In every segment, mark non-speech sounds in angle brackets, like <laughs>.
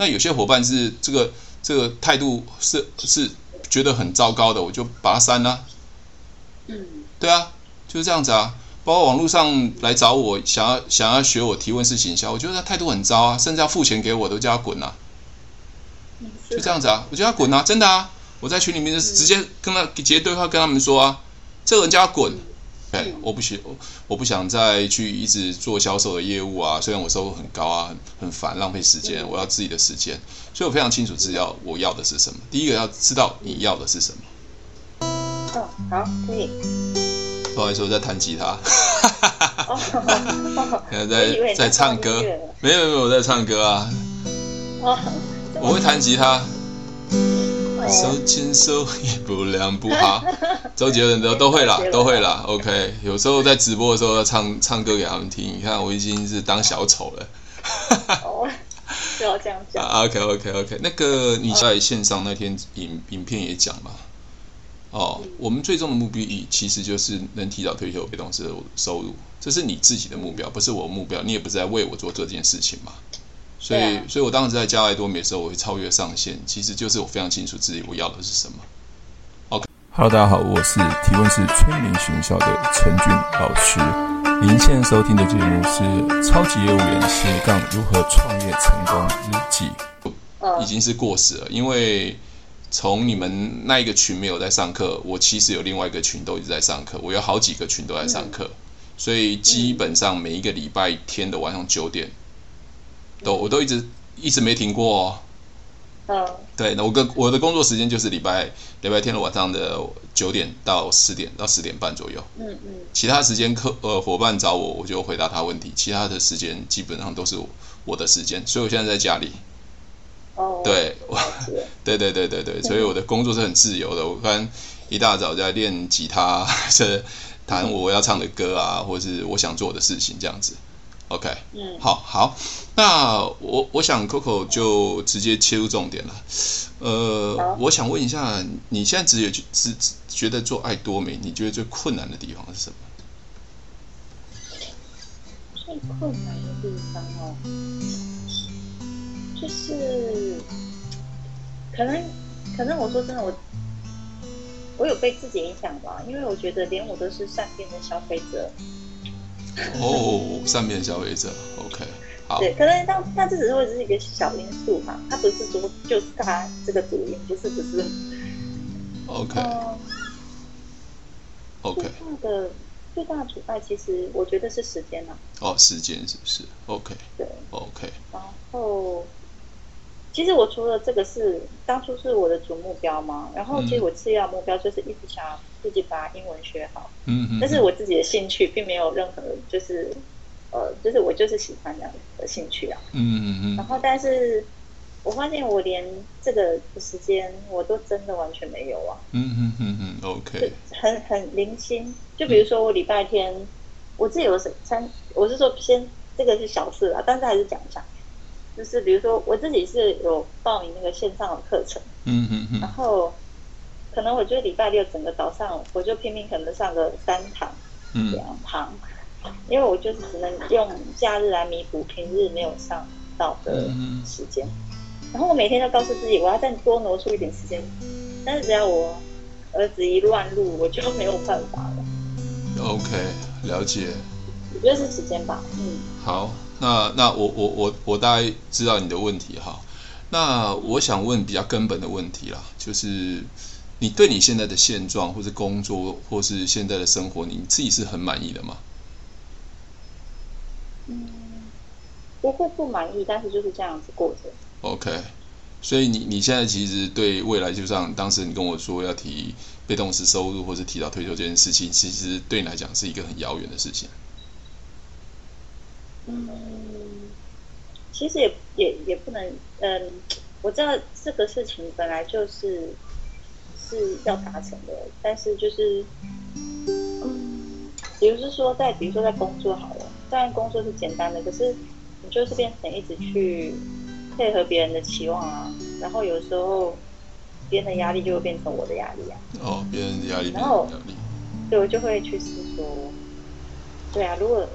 那有些夥伴是這個這個態度是是覺得很糟糕的，我就把他刪了。嗯，對啊，就是這樣子啊。包括網絡上來找我，想要想要學我提問式行銷，我覺得他態度很糟啊，甚至要付錢給我，都叫他滾啊。就這樣子啊，我叫他滾啊。真的啊。我在群裡面就直接跟他直接對話，跟他們說啊，這個人叫他滾。對，我不喜，我我不想再去一直做銷售的業務啊，雖然我收入很高啊，很很煩，浪費時間，我要自己的時間，所以我非常清楚知道我要的是什麼。第一個要知道你要的是什麼。哦、好，可以。不好意思。我在彈吉他，哈哈哈哈，哈哈哈哈哈。在、哦、 <laughs> 在唱歌，沒有沒有我在唱歌啊，哦、我會彈吉他。手牽手，一步兩步，哈，周杰倫都都會了， <laughs> 都會，啦都會啦都了。OK，有時候在直播的時候要唱唱歌給他們聽。你看，我已經是當小丑了。哦 <laughs> oh,，就要這樣講。Ah, OK，OK，OK，、okay, okay, okay. 那個你在線上那天影、oh. 影片也講嘛。哦、oh, 嗯，我們最終的目的其實就是能提早退休，被動式收入，這是你自己的目標，不是我的目標。你也不是在為我做這件事情嘛？所以，啊、所以我當時在加愛多美的時候，我會超越上限。其實就是我非常清楚自己我要的是什麼。OK，Hello，、okay. 大家好，我是提問式催眠學校的陳俊老師。您現在收聽的節目是《超級業務員斜槓如何創業成功日記》。Oh. 已經是過時了，因為從你們那一個群沒有在上課，我其實有另外一個群都一直在上課，我有好幾個群都在上課，mm. 所以基本上每一個禮拜天的晚上九點。都，我都一直一直沒停過、哦。嗯、哦，對，那我跟，我的工作時間就是禮拜禮拜天的晚上的九點到十點到十點半左右。嗯嗯，嗯其他時間客呃夥伴找我，我就回答他問題；其他的時間基本上都是我,我的時間，所以我現在在家裡。哦。對，我，嗯、 <laughs> 對對對對對，所以我的工作是很自由的。我一般一大早就在練吉他，是彈我要唱的歌啊，嗯、或是我想做我的事情這樣子。OK，嗯，好好，那我我想 Coco 就直接切入重點了，呃，好我想問一下，你現在直接只只覺得做愛多美，你覺得最困難的地方是什麼？最困難的地方哦，就是，可能，可能我說真的，我，我有被自己影響吧，因為我覺得連我都是善變的消費者。哦，善變消費者，OK，好。對，可能他他這只是只是一個小因素嘛，他不是說就是他這個主因，就是不是？OK，OK。最大的最大阻礙其實我覺得是時間啊。哦，時間是不是？OK。對。OK。然後，其實我除了這個是當初是我的主目標嘛，然後其實我次要目標就是一直想要。自己把英文學好，嗯嗯，但是我自己的興趣並沒有任何，就是，呃，就是我就是喜歡那樣的，興趣啊，嗯嗯嗯，然後，但是我發現我連這個時間我都真的完全沒有啊，嗯嗯嗯嗯，OK，很很零星，就比如說我禮拜天，嗯、我自己有參，我是說先這個是小事啊，但是還是講一下，就是比如說我自己是有報名那個線上的課程，嗯嗯嗯，然後。可能我就禮拜六整個早上，我就拼命可能上個三堂，嗯、兩堂，因為我就是只能用假日來彌補平日沒有上到的時間。嗯嗯。然後我每天都告訴自己，我要再多挪出一點時間，但是只要我兒子一亂入，我就沒有辦法了。OK，了解。我覺得是時間吧，嗯。好，那那我我我我大概知道你的問題哈。那我想問比較根本的問題啦，就是。你對你現在的現狀，或是工作，或是現在的生活，你自己是很滿意的嗎？嗯，不會不滿意，但是就是這樣子過着。OK，所以你你現在其實對未來，就像當時你跟我說要提被動式收入，或是提早退休這件事情，其實對你來講是一個很遙遠的事情。嗯，其實也也也不能，嗯，我知道這個事情本來就是。是要達成的，但是就是，嗯，比如說在，比如說在工作好了，當然工作是簡單的，可是你就是變成一直去配合別人的期望啊，然後有時候別人的壓力就會變成我的壓力啊。哦，別人的壓力，然後，對，我就會去思索，對啊，如果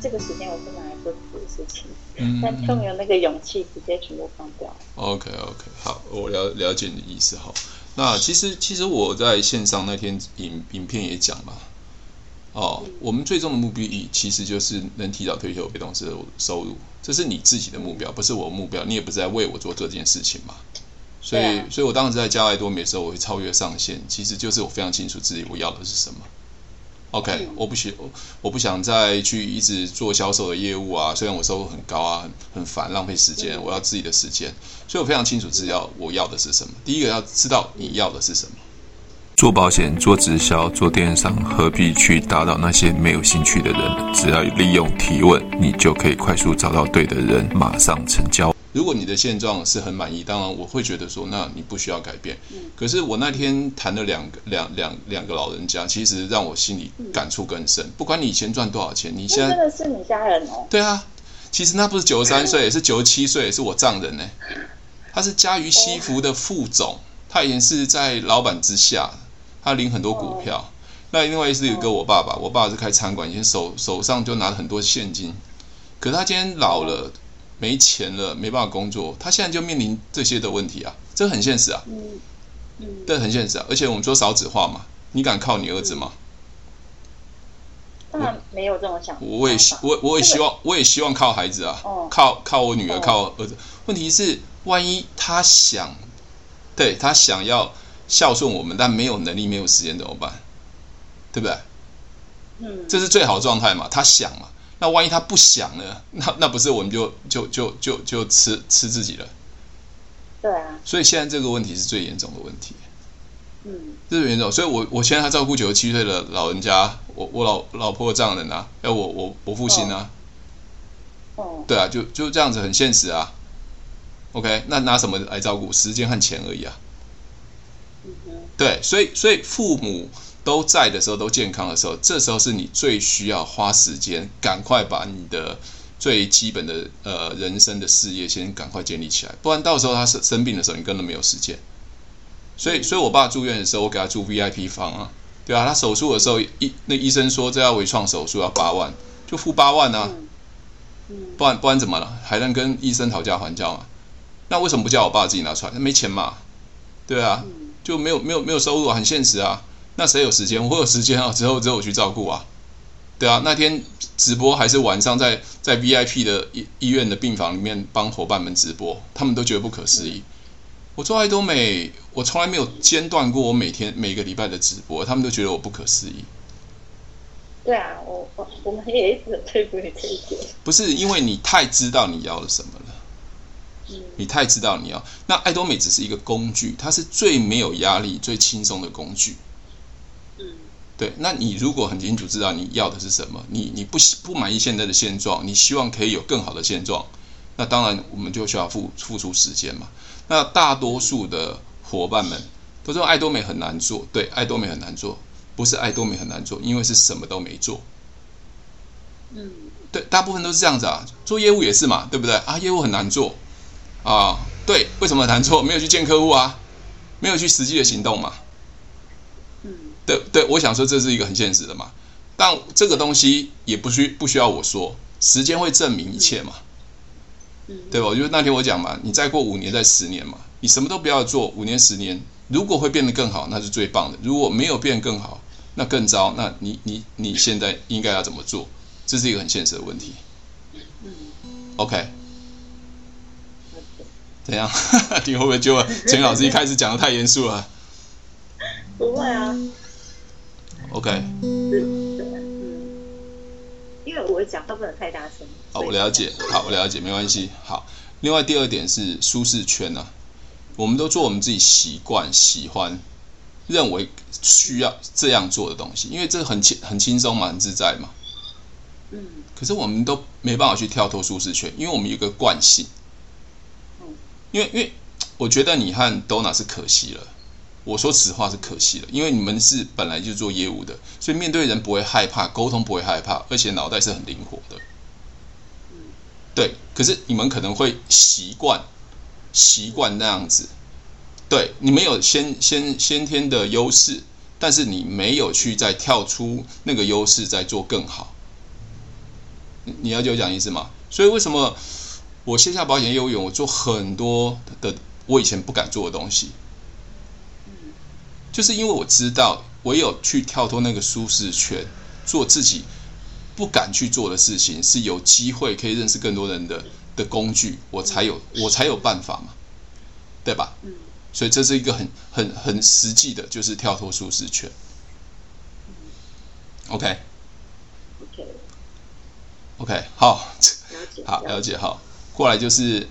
這個時間我是拿來做自己的事情，嗯、但就沒有那個勇氣直接全部放掉？OK，OK，okay, okay, 好，我了了解你的意思好。那其實，其實我在線上那天影影片也講嘛，哦，我們最終的目的其實就是能提早退休，被動式收入，這是你自己的目標，不是我的目標，你也不是在為我做這件事情嘛，所以，啊、所以我當時在加艾多美時候，我會超越上限，其實就是我非常清楚自己我要的是什麼。OK，我不喜，我不想再去一直做銷售的業務啊。雖然我收入很高啊，很很煩，浪費時間。我要自己的時間，所以我非常清楚自己要我要的是什麼。第一個要知道你要的是什麼。做保險、做直銷、做電商，何必去打擾那些沒有興趣的人？只要利用提問，你就可以快速找到對的人，馬上成交。如果你的現狀是很滿意，當然我會覺得說，那你不需要改變。可是我那天談了兩個、兩、兩、兩個老人家，其實讓我心裡感觸更深。不管你以前賺多少錢，你現在、哎、真的是你家人哦。對啊，其實那不是九十三歲， <laughs> 是九十七歲，是我丈人呢。他是嘉裕西服的副總，他以前是在老板之下，他領很多股票。哦、那另外一次有個我爸爸，我爸爸是開餐館，以前手手上就拿很多現金，可他今天老了。哦沒錢了，沒辦法工作，他現在就面臨這些的問題啊，這很現實啊，嗯，對、嗯，很現實啊。而且我們說少子化嘛，你敢靠你兒子嗎？當然、嗯、沒有這麼想。我我也我我也希望對對，我也希望靠孩子啊，哦、靠靠我女兒靠我兒子。問題是，萬一他想對他想要孝順我們，但沒有能力沒有時間怎麼辦？對不對？嗯、這是最好的狀態嘛，他想嘛。那萬一他不想呢？那那不是我們就就就就就吃吃自己了？對啊。所以現在這個問題是最嚴重的問題。嗯。是最嚴重，所以我我現在還照顧九十七歲的老人家，我我老老婆的丈人啊，哎我我我父親啊。哦。哦對啊，就就這樣子很現實啊。OK，那拿什麼來照顧？時間和錢而已啊。嗯哼。對，所以所以父母。都在的時候，都健康的時候，這時候是你最需要花時間，趕快把你的最基本的呃人生的事業先趕快建立起來，不然到時候他生生病的時候，你根本沒有時間。所以，所以我爸住院的時候，我給他住 VIP 房啊，對吧，對啊？他手術的時候，醫那醫生說這要微創手術要八萬，就付八萬啊。不然不然怎麼了？還能跟醫生討價還價嗎？那為什麼不叫我爸自己拿出來？他沒錢嘛？對啊，就沒有沒有沒有收入，很現實啊。那誰有時間？我有時間啊！之後之後我去照顧啊，對啊。那天直播還是晚上在，在在 VIP 的醫醫院的病房裡面幫伙伴們直播，他們都覺得不可思議。我做愛多美，我從來沒有間斷過我每天每個禮拜的直播，他們都覺得我不可思議。對啊，嗯，我我我們也一直很佩服你這一點。不是因為你太知道你要了什麼了，嗯，你太知道你要。那愛多美只是一個工具，它是最沒有壓力、最輕鬆的工具。對，那你如果很清楚知道你要的是什麼，你你不不滿意現在的現狀，你希望可以有更好的現狀，那當然我們就需要付付出時間嘛。那大多數的夥伴們都說愛多美很難做，對，愛多美很難做，不是愛多美很難做，因為是什麼都沒做。嗯，對，大部分都是這樣子啊，做業務也是嘛，對不對啊？業務很難做啊，對，為什麼難做？沒有去見客戶啊，沒有去實際的行動嘛。對對，我想說這是一個很現實的嘛，但這個東西也不需不需要我說，時間會證明一切嘛，對吧？因為那天我講嘛，你再過五年、再十年嘛，你什麼都不要做，五年、十年，如果會變得更好，那是最棒的；如果沒有變更好，那更糟。那你你你現在應該要怎麼做？這是一個很現實的問題。嗯，OK，怎樣？你會不會覺得陳老師一開始講得太嚴肅了？不會啊。OK，是，嗯，因為我講話不能太大聲。哦，我了解，好，我了解，沒關係。好，另外第二點是舒適圈呢、啊，我們都做我們自己習慣、喜歡、認為需要這樣做的東西，因為這很輕、很輕鬆嘛，很自在嘛。嗯。可是我們都沒辦法去跳脫舒適圈，因為我們有一個慣性。嗯，因為，因為我覺得你和 Dona 是可惜了。我說實話是可惜了，因為你們是本來就做業務的，所以面對人不會害怕，溝通不會害怕，而且腦袋是很靈活的。對，可是你們可能會習慣習慣那樣子。對，你們有先先先天的優勢，但是你沒有去再跳出那個優勢，再做更好你。你了解我講的意思嗎？所以為什麼我線下保險業務員，我做很多的我以前不敢做的東西？就是因為我知道，唯有去跳脫那個舒適圈，做自己不敢去做的事情，是有機會可以認識更多人的的工具，我才有我才有辦法嘛，對吧？所以這是一個很很很實際的，就是跳脫舒適圈。OK。OK。OK，好，好，了解，好，過來就是。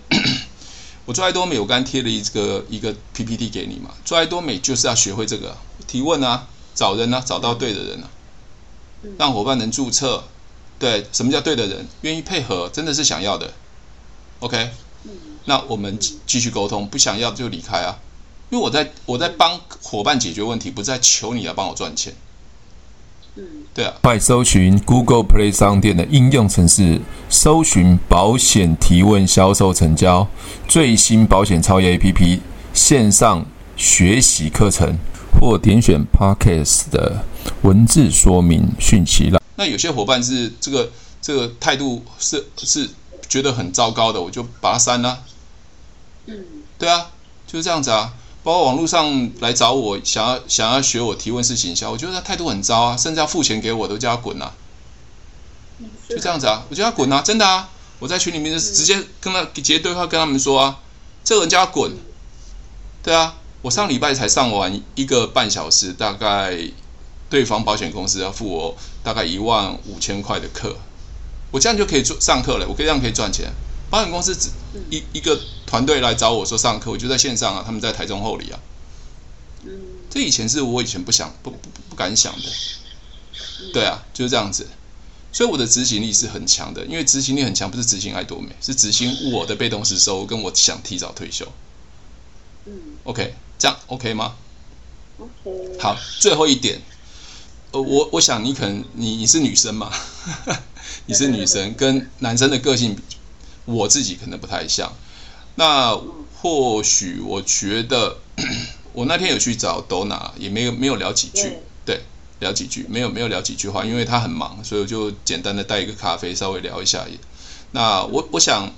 我做艾多美，我剛剛貼了一個一個 PPT 給你嘛。做艾多美就是要學會這個提問啊，找人啊，找到對的人啊，讓夥伴能注冊。對，什麼叫對的人？願意配合，真的是想要的。OK，那我們繼續溝通，不想要就離開啊。因為我在我在幫伙伴解決問題，不是在求你來幫我賺錢。對啊。快搜尋 Google Play 商店的應用程式，搜尋保險提問、銷售成交、最新保險超業 APP 線上學習課程，或點選 Podcast 的文字說明訊息啦。那有些夥伴是這個這個態度是是覺得很糟糕的，我就把它刪了。嗯，對啊，就是這樣子啊。包括網絡上來找我，想要想要學我提問式行銷，我覺得他態度很糟啊，甚至要付錢給我，都叫他滾吶、啊，就這樣子啊，我叫他滾啊，真的啊，我在群裡面就直接跟他、嗯、直接對話，跟他們說啊，這個人叫他滾，對啊，我上禮拜才上完一個半小時，大概對方保險公司要付我大概一萬五千塊的課，我這樣就可以做上課了，我這樣可以賺錢，保險公司只一一個。嗯團隊來找我說上課，我就在線上啊，他們在台中后里啊。這以前是我以前不想、不不不敢想的，對啊，就是這樣子。所以我的執行力是很強的，因為執行力很強不是執行愛多美，是執行我的被動式收跟我想提早退休。嗯，OK，這樣 OK 嗎？OK。好，最後一點，呃，我我想你可能你你是女生嘛， <laughs> 你是女生 <laughs> 跟男生的個性，我自己可能不太像。那或許我覺得， <coughs> 我那天有去找 Donna，也沒有沒有聊幾句，Yeah. 對，聊幾句，沒有沒有聊幾句話，因為他很忙，所以我就簡單的帶一個咖啡，稍微聊一下也。那我我想，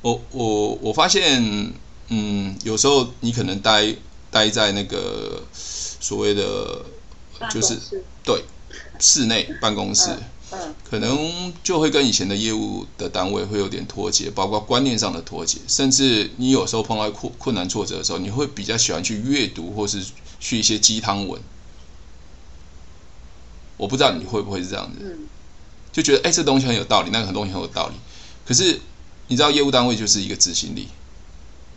我我我發現，嗯，有時候你可能待待在那個所謂的就是室對室內辦公室。嗯可能就會跟以前的業務的單位會有點脫節，包括觀念上的脫節，甚至你有時候碰到困困難挫折的時候，你會比較喜歡去閱讀，或是去一些雞湯文。我不知道你會不會是這樣子，就覺得哎，這東西很有道理，那個東西很有道理。可是你知道，業務單位就是一個執行力，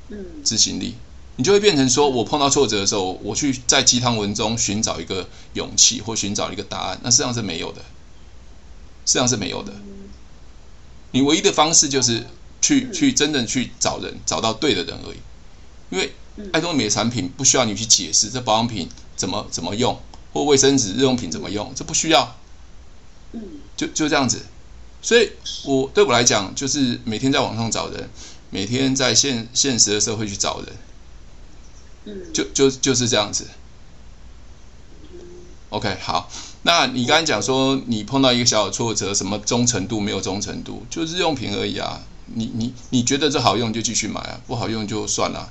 嗯，執行力，你就會變成說我碰到挫折的時候，我去在雞湯文中尋找一個勇氣，或尋找一個答案，那實際上是沒有的。實際上是沒有的，你唯一的方式就是去去真正去找人，找到對的人而已。因為艾多美的產品不需要你去解釋這保養品怎麼怎麼用，或衛生紙日用品怎麼用，這不需要。就就這樣子。所以我對我來講，就是每天在網上找人，每天在現現實的社會去找人。就就就是這樣子。OK，好。那你剛才講說，你碰到一個小小挫折，什麼忠誠度沒有忠誠度，就是日用品而已啊。你你你覺得這好用就繼續買啊，不好用就算了。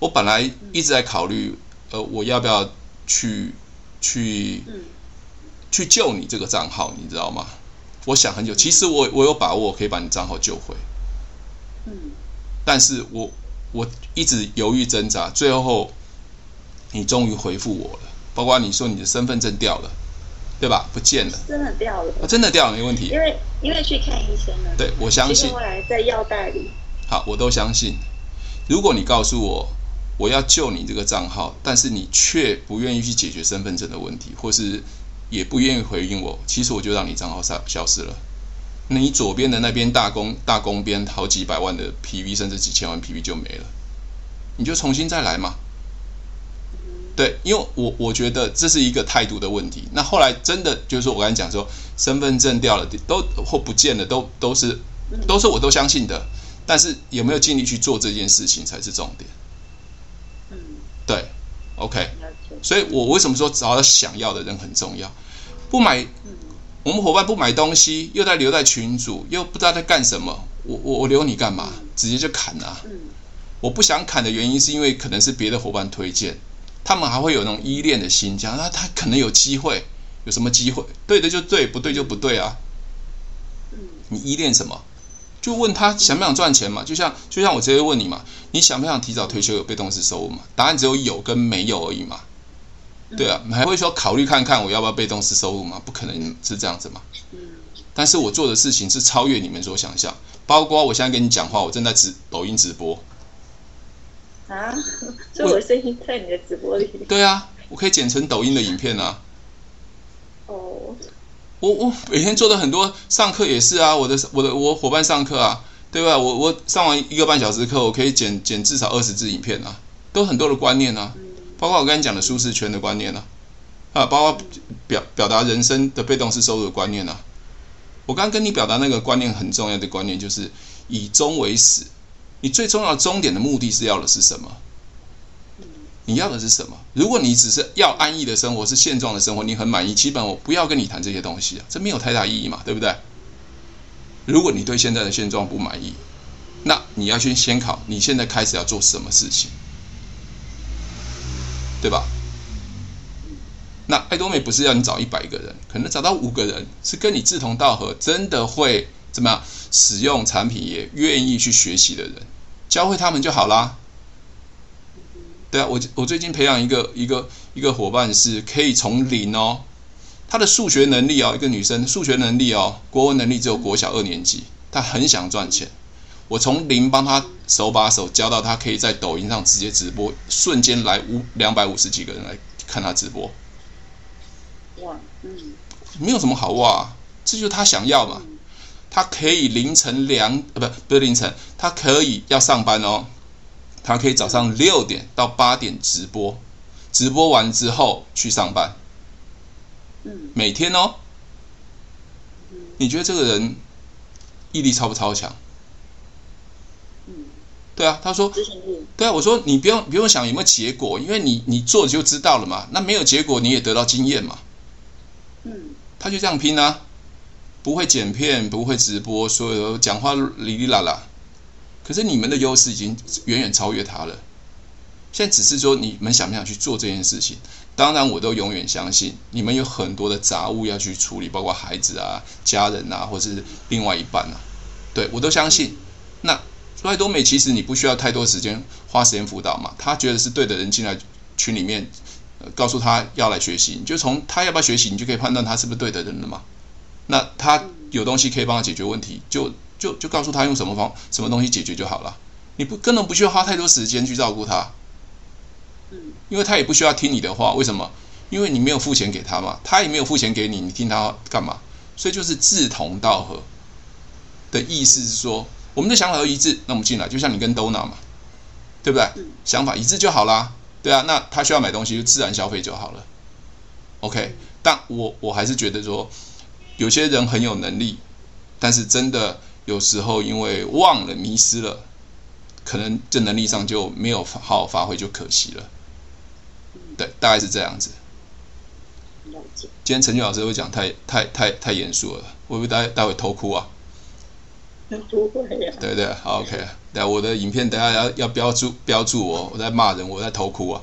我本來一直在考慮，呃，我要不要去去去救你這個賬號，你知道嗎？我想很久，其實我我有把握可以把你賬號救回，但是我我一直猶豫掙扎，最後你終於回復我了，包括你說你的身份證掉了。對吧？不見了，真的掉了，哦，真的掉了，沒問題。因為因為去看醫生了，對，我相信。其實後來在藥袋裡。好，我都相信。如果你告訴我我要救你這個賬號，但是你卻不願意去解決身份證的問題，或是也不願意回應我，其實我就讓你賬號消消失了。那你左邊的那邊大公大公邊好幾百萬的 PV，甚至幾千萬 PV 就沒了，你就重新再來嘛。對，因為我我覺得這是一個態度的問題。那後來真的就是說我剛才講說，身份證掉了都或不見了都都是都是我都相信的，但是有沒有盡力去做這件事情才是重點。嗯、對，OK。嗯、所以，我為什麼說找到想要的人很重要？不買，嗯、我們夥伴不買東西，又在留在群組，又不知道在幹什麼。我我我留你幹嘛？直接就砍了、啊。嗯、我不想砍的原因是因為可能是別的伙伴推薦。他們還會有那種依戀的心，想說他可能有機會，有什麼機會？對的就對，不對就不對啊。你依戀什麼？就問他想不想賺錢嘛？就像就像我直接問你嘛，你想不想提早退休有被動式收入嗎？答案只有有跟沒有而已嘛。對啊，你還會說考慮看看我要不要被動式收入嗎？不可能是這樣子嘛。但是我做的事情是超越你們所想象，包括我現在跟你講話，我正在直抖音直播。啊，所以我的聲音在你的直播裡。對啊，我可以剪成抖音的影片啊。哦。我我每天做的很多，上課也是啊，我的我的我夥伴上課啊，對吧？我我上完一個半小時課，我可以剪剪至少二十支影片啊，都很多的觀念啊，包括我跟你講的舒適圈的觀念啊，啊，包括表表達人生的被動式收入的觀念啊，我剛跟你表達那個觀念很重要的觀念，就是以終為始。你最重要的終點的目的是要的是什麼？你要的是什麼？如果你只是要安逸的生活，是現狀的生活，你很滿意，基本我不要跟你談這些東西啊，這沒有太大意義嘛，對不對？如果你對現在的現狀不滿意，那你要先先考你現在開始要做什麼事情，對吧？那艾多美不是要你找一百個人，可能找到五個人是跟你志同道合，真的會怎麼樣？使用產品也願意去學習的人，教會他們就好啦。對啊，我我最近培養一個一個一個夥伴是可以從零哦，她的數學能力啊、哦，一個女生數學能力哦，國文能力只有國小二年級，她很想賺錢。我從零幫她手把手教到她，可以在抖音上直接直播，瞬間來五兩百五十幾個人來看她直播。哇，嗯，沒有什麼好哇、啊，這就是她想要嘛。他可以凌晨兩，呃，不，不是凌晨，他可以要上班哦，他可以早上六點到八點直播，直播完之後去上班，嗯，每天哦，嗯，你覺得這個人毅力超不超強？嗯，嗯，對啊，他說，對啊，我說你不用不用想有沒有結果，因為你你做就知道了嘛，那沒有結果你也得到經驗嘛，嗯，他就這樣拼啊。不會剪片，不會直播，所有的講話哩哩啦啦。可是你們的優勢已經遠遠超越他了。現在只是說你們想不想去做這件事情？當然，我都永遠相信你們有很多的雜物要去處理，包括孩子啊、家人啊，或是另外一半啊。對我都相信。那艾多美其實你不需要太多時間花時間輔導嘛。他覺得是對的人進來群裡面、呃，告訴他要來學習，你就從他要不要學習，你就可以判斷他是不是對的人了嘛。那他有東西可以幫他解決問題，就就就告訴他用什麼方什麼東西解決就好了。你不根本不需要花太多時間去照顧他，因為他也不需要聽你的話。為什麼？因為你沒有付錢給他嘛，他也沒有付錢給你，你聽他幹嘛？所以就是志同道合的意思，是說我們的想法一致，那我們進來就像你跟 Donna 嘛，對不對？想法一致就好了，對啊。那他需要買東西就自然消費就好了，OK。但我我還是覺得說。有些人很有能力，但是真的有時候因為忘了、迷失了，可能這能力上就沒有好好發揮，就可惜了。嗯、對，大概是這樣子。了解。今天陳俊老師會講太太太太嚴肅了，會不會待待會偷哭啊？不會、啊、對對，對，OK <laughs> 對。那我的影片等下要要標註標註我，我在罵人，我在偷哭啊。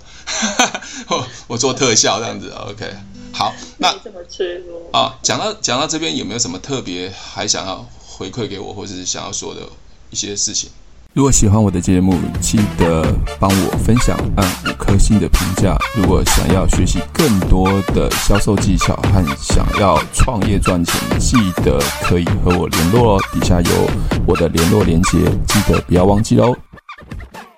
<laughs> 我我做特效這樣子 <laughs> ，OK。好，那怎麼吃？啊，講到講到這邊，有沒有什麼特別還想要回饋給我，或者是想要說的一些事情？如果喜歡我的節目，記得幫我分享，按五顆星的評價。如果想要學習更多的銷售技巧，和想要創業賺錢，記得可以和我聯絡哦。底下有我的聯絡鏈接，記得不要忘記哦。